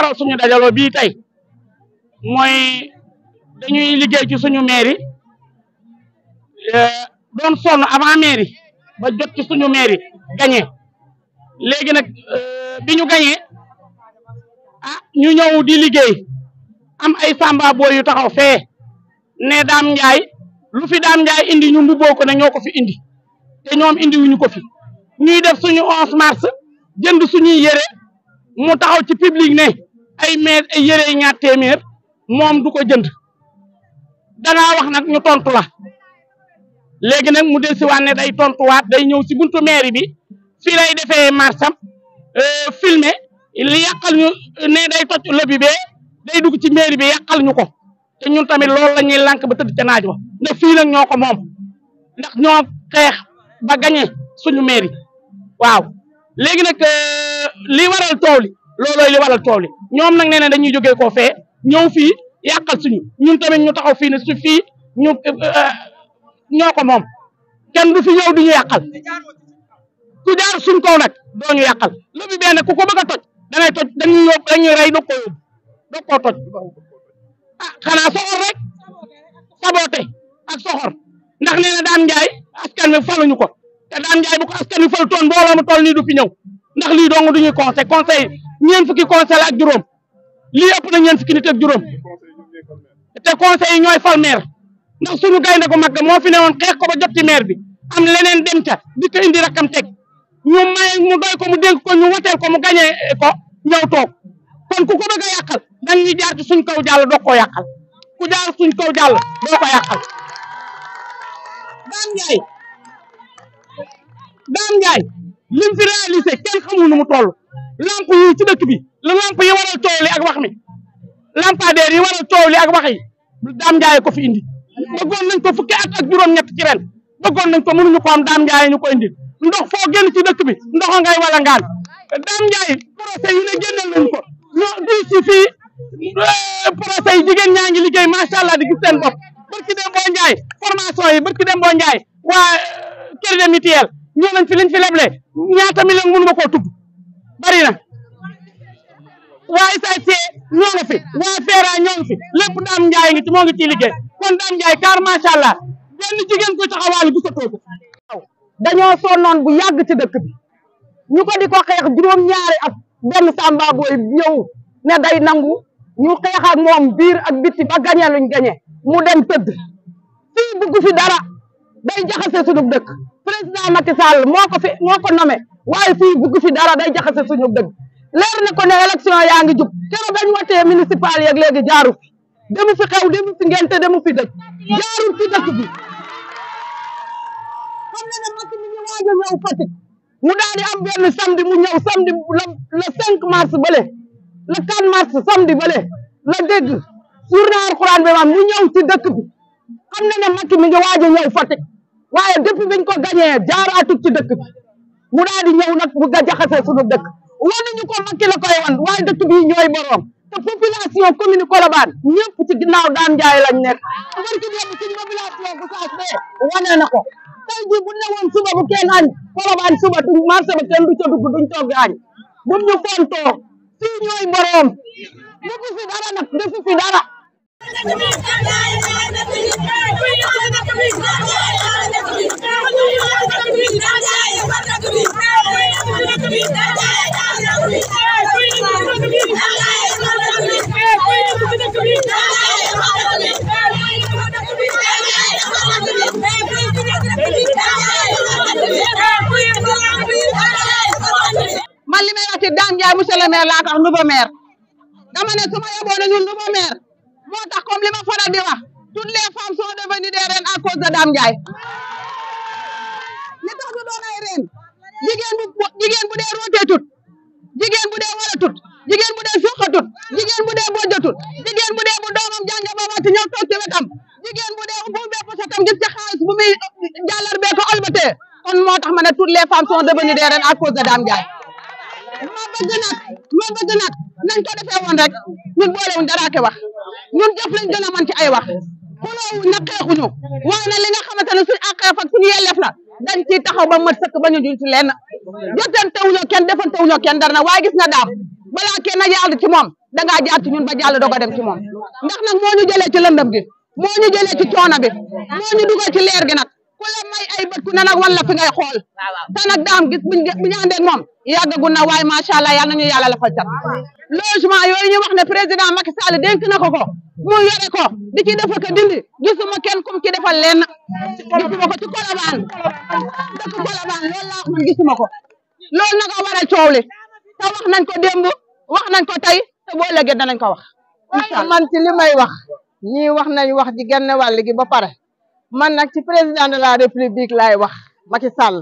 waral suñu dajaloo bii tey mooy dañuy liggéey ci suñu mairie euh, doon sonn avant mairie ba jot ci suñu mairie gagné léegi nag euh, bi ñu gagné ah ñu ñëw di liggéey am ay samba boy yu taxaw fee ne daam njaay lu fi daam njaay indi ñu mbubboo ko ne ñoo ko fi indi te ñoom indi wuñu ko fi ñuy def suñu 11 mars jënd suñuy yére mu taxaw ci public ne ay maire ay yére yi ñaar moom du ko jënd danaa wax nag ñu tontu la léegi nag mu del si waat ne day tontuwaat day ñëw si buntu mairie bi fii lay defee marsam euh, filmer li yàqal ñu ne day toj lobby bee day dugg ci mairie bi yàqal ñu ko te ñun tamit loolu la ñuy lànk ba tëdd ca naaj wa ne fii nag ñoo ko moom ndax ñoo xeex ba gañe suñu mairie waaw léegi nag euh, li waral tool loolooy li waral tool yi ñoom nag nee dañuy jógee koo fee ñëw fii yàqal ñu ñun tamit ñu taxaw fii ne su fii ñu euh, ñoo ko moom kenn du fi ñëw du ñu yàqal ku jaar suñ kaw nag doo ñu yàqal lu bi benn ku ko bëgg a toj dangay toj dañuy yóbbu dañuy rey doo ko yóbbu doo ko toj ah xanaa soxor rek saboté ak soxor ndax nee na Dame Ndiaye askan wi faluñu ko te Dame Ndiaye bu ko askan wi fal toon mbooloo mu toll nii du fi ñëw ndax lii dong du ñuy conseil conseil ñeent fukki conseil ak juróom lii ëpp na ñeent fukki nit juróom te conseil yi ñooy fal ndax sunu gaynde ko mag moo fi ne woon ko ba jot ci maire bi am leneen dem ca di ko indi rakam teg ñu may mu doy ko mu dénk ko ñu woteel ko mu gañe ko ñëw toog kon ku ko bëgg a yàqal dañ ñu jaar suñ kaw jàll doo ko yàqal ku jaar suñ kaw jàll doo ko yàqal Dame Ndiaye Dame Ndiaye lim fi réalisé kenn nu mu toll lamp yi ci dëkk bi la lamp yi waral coow li ak wax mi lampadeer yi waral coow li ak wax yi daam njaay ko fi indi bëggoon nañ ko fukki at juróom-ñett ci ren bëggoon nañ ko mënuñu ko am daam njaay ñu ko indi ndox foo génn ci dëkk bi ndox ngay wala ngaan daam njaay projet yi ne génnal nañ ko ñoo di si fii eh, projet yi jigéen ñaa ngi liggéey macha allah di gis seen bopp barki dem boo njaay formation yi barki dem boo njaay waa crédit mutuel ñoo nañ fi liñ fi leble bari na waaye SAIC ñoo ngi fi waa FERA ñoo ngi fi lépp Dame Ndiaye ci moo ngi ciy kon Dame Ndiaye car macha allah jigéen koy taxawaalu gisatoo ko dañoo sonnoon bu yàgg ci dëkk bi ñu ko di ko xeex juróom-ñaari at benn Samba Boy ñëw ne day nangu ñu xeex ak moom biir ak bitti ba gañe luñ mu dem tëdd fii bëgg fi dara. day jaxase suñu dëkk président Macky Sall moo ko fi moo ko nommé waaye fii bugg fi dara day jaxase suñu dëkk leer na ko ne élection yaa ngi jub keroog dañ watee municipal yeeg léegi jaaru fi demu fi xew demu fi ngente demu fi dëkk jaarul fi dëkk bi mu daal di am mu ñëw samedi le cinq mars bële le 4 mars samedi bële la dégg journée alxuraan bi maam mu ñëw ci dëkk bi xam na ne Macky mi ngi waaj a ñëw Fatick waaye depuis biñ ko gañee jaaraatul ci dëkk bi mu daal di ñëw nag bu ga jaxasee suñu dëkk wan nañu ko Macky la koy wan waaye dëkk bi ñooy boroom te population commune Colobane ñëpp ci ginnaaw Dame Ndiaye lañ nekk barki démb suñ population bu saas bee wane na ko tey jii bu ne woon suba bu kenn añ Colobane suba duñ marché ba kenn du ca dugg duñ togg añ buñ ñu fontoo fii ñooy boroom defu fi dara nag defu fi dara man li may wax ci Dame Ndiaye monsieur le maire laa ko wax nouveau maire dama ne su ma yeboo dañu nouveau maire moo tax comme li ma faral di wax toutes les femmes sont devenues des à cause de Dame Ndiaye li tax du doon ay jigéen bu jigéen bu dee rootee tut jigéen bu dee wala tut jigéen bu dee fiqa tut jigéen bu dee bojja tut jigéen bu dee bu doomam jànge ba wàcc ñëw toog ci wetam jigéen bu dee bu bépp sa tam gis xaalis bu muy jàllar bee ko olbatee kon moo tax ma ne toutes les femmes sont devenues des à cause de Dame Ndiaye ma bëgg nag ma bëgg nag nañ ko defee ñun def lañ gën a mën ci ay wax xuloo na xeexuñu waaye nag li nga xamante ne suñu àqeef ak suñu dañ ciy taxaw ba mat sëkk ba ñu juñ ci lenn jotantewuñoo kenn defantewuñoo kenn dara na waa gis nga daam balaa kenn jàll ci moom dangaa jaar ci ñun ba jàll doog a dem ci moom ndax nag moo ñu jëlee ci lëndëm gi moo ñu jëlee ci coono bi moo ñu ci leer gi nag ku la may ay bët ku ne nag wan fi ngay xool te nag daam gis buñ bu ñu àndee moom yàggagun na waaye macha allah yal nañu yàlla la fa cat logement yooyu ñu wax ne président Macky Sall dénk na ko ko mu yore ko di ci def ak dindi gisuma kenn kum ci defal lenn gisuma ko ci kolobaan dëkk kolobaan loolu laa wax man gisuma ko loolu nag a war a coow li te wax nañ ko démb wax nañ ko tey te boo ëllëgee danañ ko wax. incha man ci li wax ñii wax nañ wax ci genn wàll gi ba pare man nag ci président de la république laay wax Macky Sall.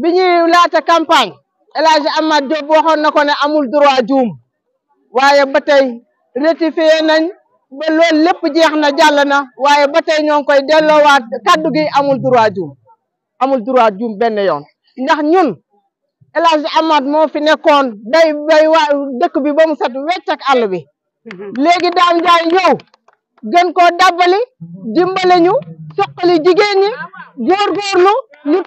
bi ñuy laata campagne El Hadj Amath Diop waxoon na ko ne amul droit juum waaye ba tey rectifié nañ ba lépp jeex na jàll na waaye ba tey ñoo ngi koy delloowaat kaddu gi amul droit juum amul droit juum benn yoon ndax ñun El Hadj Amath moo fi nekkoon day bay waa dëkk bi ba mu set wecc ak bi mm-hmm. léegi daam jaay yow gën koo dabbali mm-hmm. dimbale ñu soqali jigéen ñi ñu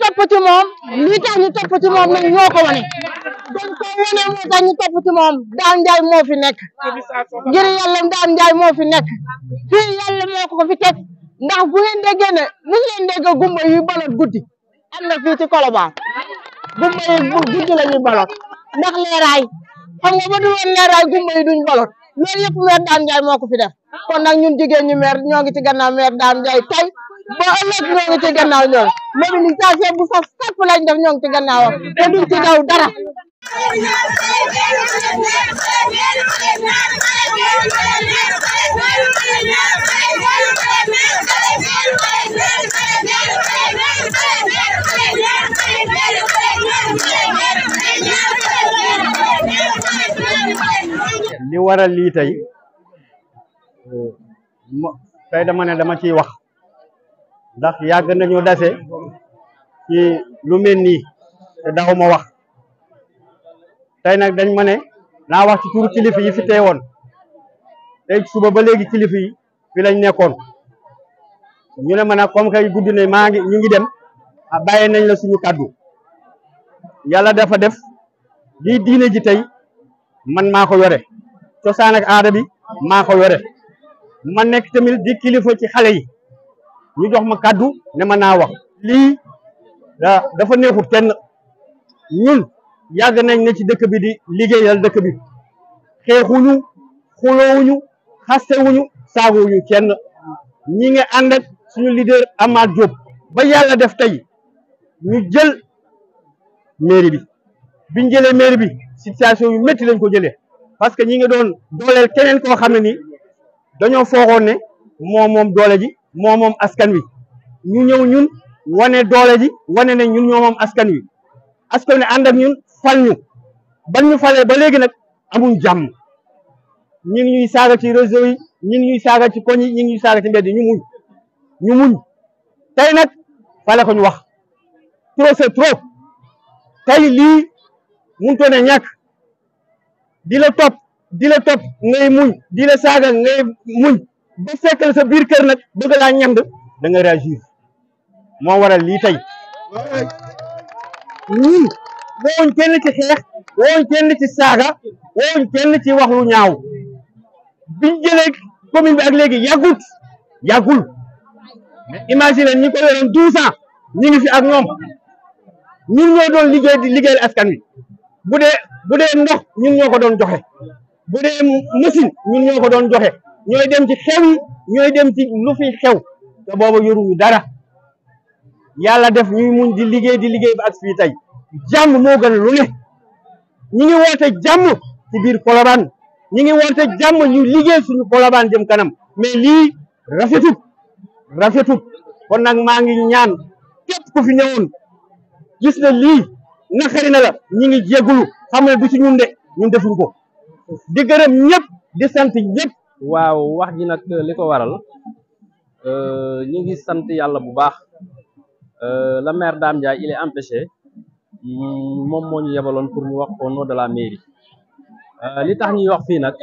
topp moom lii tax ñu topp moom nag ñoo wane kon ko wane moo tax ñu topp moom Dame Ndiaye moo nekk ngir yàlla Dame Ndiaye moo nekk fii yàlla moo ko fi teg ndax bu ngeen déggee ne musu leen dégg gumba yuy balot guddi am na fii ci gumba yi guddi la ñuy balot ndax leeraay xam nga ba du woon leeraay gumba yi duñ balot loolu yëpp weer Dame Ndiaye moo fi def kon nag ñun jigéen ñi maire ñoo ngi ci gannaaw maire Dame Ndiaye tey ba ëllëg ñoo ngi ci gannaaw ñoom mobilisation bu sax sàpp lañ def ñoo ngi ci gannaawam te duñ ci daw dara. li waral lii tey. tey dama ne dama ciy wax ndax yàgg nañu dase ci lu mel nii te ma wax tey nag dañ ma ne naa wax ci turu kilifa yi fi woon tey suba ba léegi kilifa yi fi lañ nekkoon ñu ne ma nag comme kay gudd ne maa ngi ñu ngi dem a ah, bàyyi nañ la suñu kàddu yàlla dafa def lii diine ji tey man maa ko yore cosaan ak aada bi maa ko yore ma nekk tamit di kilifa ci xale yi ñu jox ma kàddu ne ma naa wax lii dafa neexut kenn ñun yàgg nañ ne ci dëkk bi di liggéeyal dëkk bi xeexuñu xuloowuñu xastewuñu saagowuñu kenn ñi nga ànd suñu leader Amath Diop ba yàlla def tey ñu jël mairie bi biñ jëlee mairie bi situation yu métti lañ ko jëlee parce ñi ngi doon dooleel keneen koo xam ne nii dañoo foogoon ne moo moom doole ji moo askan wi ñu ñëw ñun wane doole ji wane ne ñun ñoo askan wi askan wi ànd ak ñun fal ñu ban ñu falee ba léegi nag amuñ jàmm ñu ñuy saaga ci réseau yi ñu ñuy saaga ci koñ yi ñu ngi ñuy saaga ci mbedd yi ñu muñ ñu muñ tey nag fale ñu wax trop c'est trop tey lii mënutoon a ñàkk di di la topp ngay muñ di la saaga ngay muñ ba fekk la sa biir kër nag bëgg laa ñand da nga moo waral lii tey ñun wowuñ kenn ci xeex wowuñ kenn ci saaga wowuñ kenn ci wax ñaaw bi biñ jëlee commune bi ak léegi yàggut yàggul mais imagine ñi ko yoroon douze ans ñu ngi fi ak ñoom ñun ñoo doon liggéey di liggéeyal askan wi bu dee bu dee ndox ñun ñoo ko doon joxe bu dee machine ñun ñoo ko doon joxe ñooy dem ci xew ñooy dem ci lu fi xew te booba yoruñu dara yàlla def ñu muñ di liggéey di liggéey ba ak fii tey jàmm moo gën lu ne ñi ngi woote jàmm biir Colobane ñi ngi woote jàmm ñu liggéey suñu Colobane jëm kanam mais lii rafetut rafetut kon nag maa ngi ñaan képp ku fi ñëwoon gis na lii naqari na la ñi ngi jéggulu xam ne ci ñun de ñun defuñ ko di gërëm ñëpp di sant ñëpp. waaw wax ji nag li ko waral euh, ñu ngi sant yàlla bu baax euh, la maire Dame Ndiaye il est empêché moom moo ñu yebaloon pour mu wax au nom de la mairie euh, li tax ñuy wax fii nag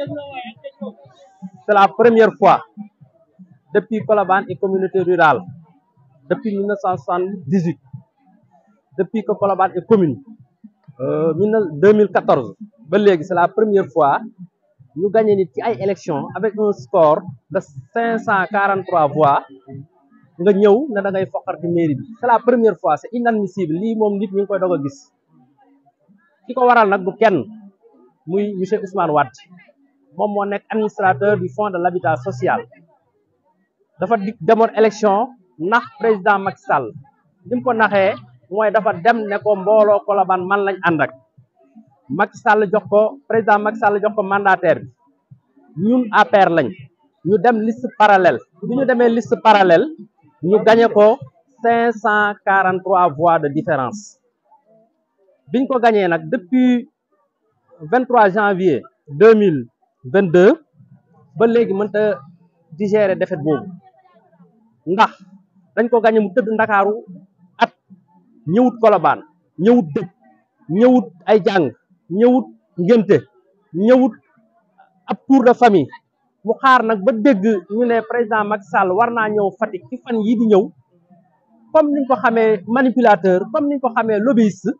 c'est la première fois depuis Colobane et communauté rurale depuis 1978 depuis que Colobane est commune euh, 2014 ba léegi c'est la première fois ñu gagné nit ci ay élection avec un score de cent quarante trois nga ñëw ne da ngay foqar bi c'est la première fois c'est inadmissible lii moom nit ñi ngi koy doog gis ki ko waral nag du kenn muy monsieur Ousmane Wade moom moo nekk administrateur du fonds de l'habitat sociale dafa di demoon élection nax président Macky Sall li ko naxee mooy dafa dem ne ko mbooloo Colobane man lañ ànd ak Macky Sall jox ko président Macky Sall jox ko mandataire bi ñun APR lañ ñu dem liste parallèle bi ñu demee liste parallèle ñu gañe ko cinq cent quarante trois de différence biñ ko gañee nag depuis vingt trois janvier deux mille vingt deux ba léegi mënta digérer défaite boobu ndax dañ ko gañe mu tëdd ndakaaru at ñëwut Colobane ñëwut dëkk ñëwut ay jàng ñëwut ngénte ñëwut ab tour de famille mu xaar nag ba dégg ñu ne président Macky Sall war naa ñëw Fatick ci fan yii di ñëw comme niñ ko xamee manipulateur comme ñu ko xamee lobbyiste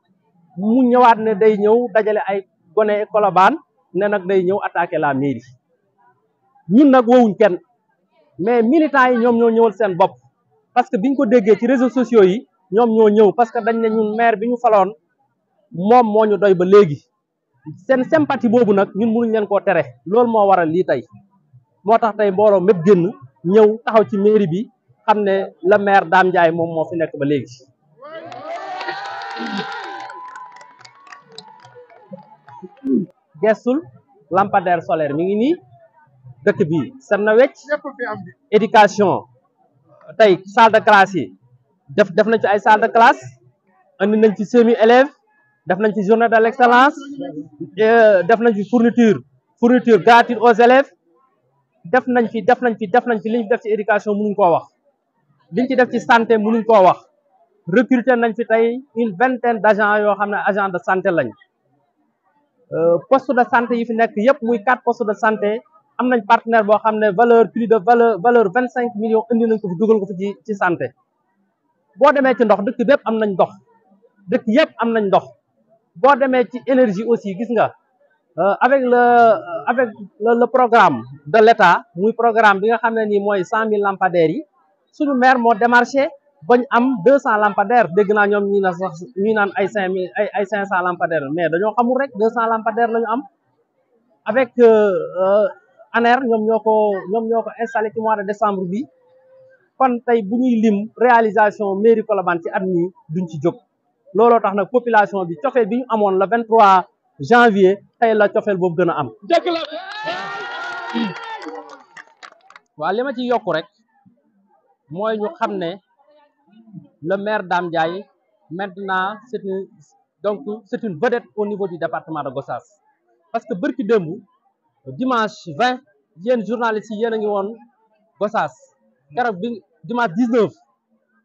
mu ñëwaat ne day ñëw dajale ay gone Colobane ne nag day ñëw attaquer la mairie ñun nag wowuñ kenn mais militants yi ñoom ñoo ñëwal seen bopp parce que biñ ko déggee ci réseau sociaux yi ñoom ñoo ñëw parce que dañ ne ñun maire bi ñu faloon moom moo ñu doy ba léegi seen sympathie boobu nag ñun mënuñ leen koo tere loolu moo waral lii tey moo tax tey mbooloo mépp génn ñëw taxaw ci mairie bi xam ne le maire Dame Ndiaye moom moo fi nekk ba léegi gestul lampadaire solaire mi ngi nii dëkk bi set na wecc éducation tey salle classe yi def def nañ ci ay salle de classe andi nañ ci semi élèves def nañ fi journée de l'excellence euh, def nañ fi fourniture fourniture gratuite aux élèves def nañ fi def nañ fi def nañ fi li def ci éducation mënuñ koo wax liñ ci def ci santé mënuñ koo wax recruter nañ fi tey une vingt vingtaine d'agents yoo xam ne agent de santé lañ euh, poste de santé yi fi nekk yëpp muy quatre postes de santé am nañ partenaire boo xam ne valeur plus de valeur valeur vingt cinq millions indi nañ ko fi dugal ko fi ci ci santé boo demee ci ndox dëkk bépp am nañ ndox dëkk yëpp am nañ ndox boo demee ci énergie aussi gis nga euh, avec le euh, avec le programme de l'État muy programme bi nga xam ne nii mooy cent mille lampadaires yi suñu maire moo démarché bañ am deux cent lampadaires dégg naa ñoom ñi na sax ñi naan ay cinq mille ay ay cinq cent lampadaires mais dañoo xamul rek deux cent lampadaires la ñu am avec euh, ANER ñoom ñoo ko ñoom ñoo ko installé ci mois de décembre bi kon tey bu ñuy lim réalisation mairie Colobane ci at mi duñ ci jóg looloo tax nag population bi cofeel bi ñu amoon la 23 janvier tey la cofeel boobu gën a am. dëgg la. waaw li ma ci yokku rek mooy ñu xam ne le maire Dame Ndiaye maintenant c'est une donc c'est une vedette au niveau du département de Gossas parce que bërki démb dimanche 20 yéen journalistes yi yéen a ngi woon Gossas garab bi dimanche 19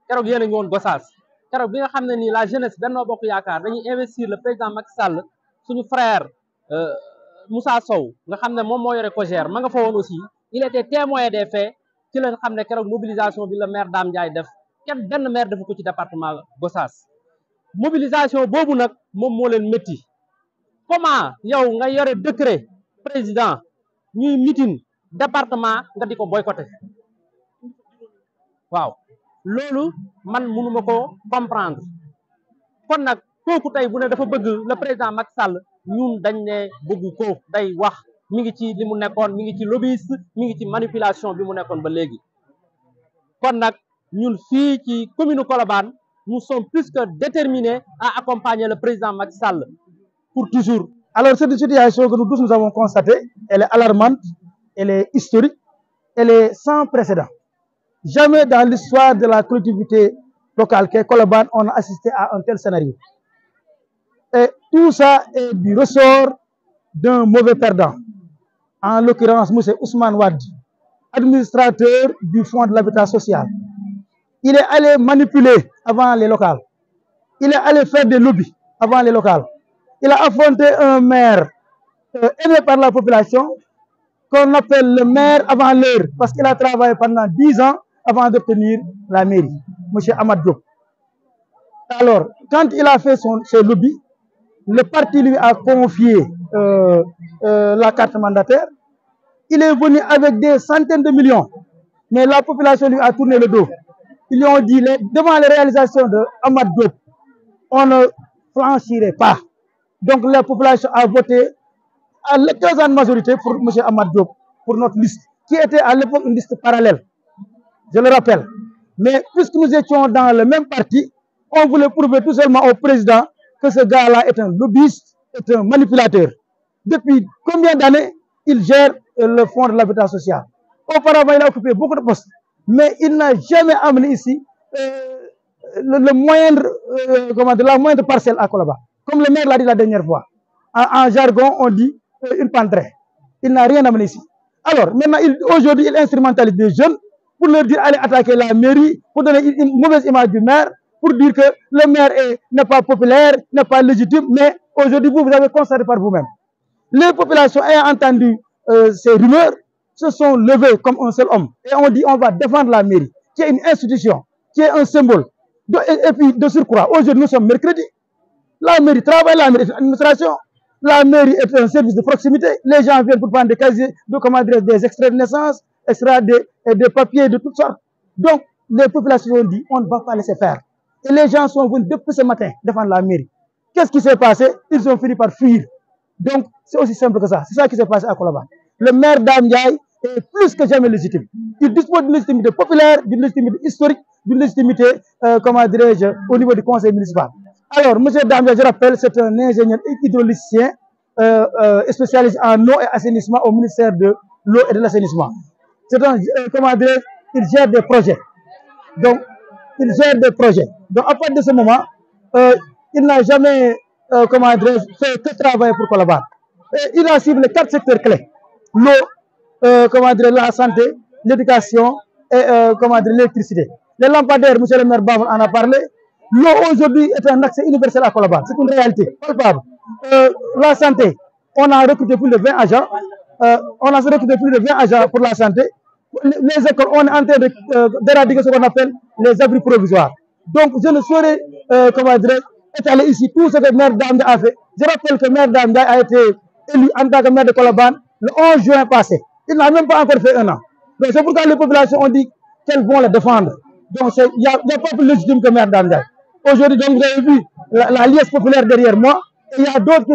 keroog yéen a ngi woon Gossas. keroog bi nga xam ne nii la jeunesse Benno Bokk Yaakaar dañuy investir le président Macky Sall suñu frère euh, Moussa Sow nga xam ne moom moo yore COJER ma nga fa woon aussi il était témoin des faits ci leen xam ne keroog mobilisation bi la maire Dame Ndiaye def kenn benn maire defu ko ci département Gossas mobilisation boobu nag moom moo leen métti comment yow nga yore décret président ñuy meeting département nga di ko boycotté waaw loolu man mënuma ko comprendre kon nag kooku tey bu ne dafa bëgg le président Macky sàll ñun dañ ne bëggu ko day wax mu ngi ci li mu nekkoon mu ngi ci lobbyiste mi ngi ci manipulation bi mu nekkoon ba léegi kon nag ñun fii ci commune Colobane nous sommes plus que déterminés à accompagner la président Macky Sall pour toujours alors cette situation que nous tous nous avons constatée elle est alarmante elle est historique elle est sans précédent Jamais dans l'histoire de la collectivité locale qu'est Colobane, on a assisté à un tel scénario. Et tout ça est du ressort d'un mauvais perdant. En l'occurrence, M. Ousmane Wadi, administrateur du Fonds de l'habitat social. Il est allé manipuler avant les locales. Il est allé faire des lobbies avant les locales. Il a affronté un maire euh, aimé par la population qu'on appelle le maire avant l'heure parce qu'il a travaillé pendant ans avant d'obtenir la mairie, monsieur Ahmad Diop. Alors, quand il a fait son, ses lobbies, le parti lui a confié euh, euh, la carte mandataire. Il est venu avec des centaines de millions, mais la population lui a tourné le dos. Ils lui ont dit, devant les réalisations de Ahmad Diop, on ne franchirait pas. Donc la population a voté à l'écrasante majorité pour monsieur Ahmad Diop, pour notre liste, qui était à l'époque une liste parallèle. je le rappelle. Mais puisque nous étions dans le même parti, on voulait prouver tout seulement au président que ce gars-là est un lobbyiste, est un manipulateur. Depuis combien d'années il gère le fonds de l'habitat social Auparavant, il a occupé beaucoup de postes, mais il n'a jamais amené ici euh, le, le moindre, euh, comment parcelle à Colaba. Comme le maire l'a dit la dernière fois, en, en jargon, on dit une euh, pantrée. Il n'a rien amené ici. Alors, maintenant, aujourd'hui, il instrumentalise pour leur dire allez attaquer la mairie, pour donner une, une mauvaise image du maire, pour dire que le maire n'est pas populaire, n'est pas légitime, mais aujourd'hui, vous, avez constaté par vous-même. Les populations ayant entendu euh, rumeurs se sont levées comme un seul homme. Et on dit on va défendre la mairie, qui est une institution, qui est un symbole. De, et, aujourd'hui, nous sommes mercredi. La mairie travaille, la mairie est une administration. La mairie est etc., des, et des ce qui s'est passé Ils ont fini par fuir. Donc, c'est aussi simple que ça. C'est ça qui s'est passé à Colaba. Le maire d'Amdiaye est plus que jamais légitime. Il dispose d'une légitimité populaire, d'une légitimité historique, d'une légitimité, euh, comment dirais au niveau du conseil municipal. Alors, M. Damia, je rappelle, c'est un ingénieur hydraulicien euh, euh en eau et assainissement au ministère de l'eau et de l'assainissement. c'est un comment dire il gère des projets donc il gère des projets donc à de ce moment euh, il n'a jamais euh, comment dire fait que travailler pour Colobane et il a ciblé quatre secteurs clés l'eau euh, la santé l'éducation et euh, comment dire l'électricité les lampadaires monsieur le maire Bafal en a parlé l'eau aujourd'hui est un accès universel à Colobane c'est une réalité palpable euh, la santé on a recruté plus de 20 a recruté plus agents pour la santé les écoles, on est en train euh, d'éradiquer ce qu'on appelle les abris provisoires. Donc, je ne saurais, euh, comment ici tout ce que Maire Damda a fait. Je rappelle que Maire Damda a été élu en tant que maire de Colaban le 11 juin passé. Il n'a même pas encore fait un an. Donc, c'est pourquoi les populations ont dit qu'elles vont le défendre. Donc, il n'y a, pas plus légitime que Maire Damda. Aujourd'hui, donc, vous avez vu la, la populaire derrière moi. Il y a d'autres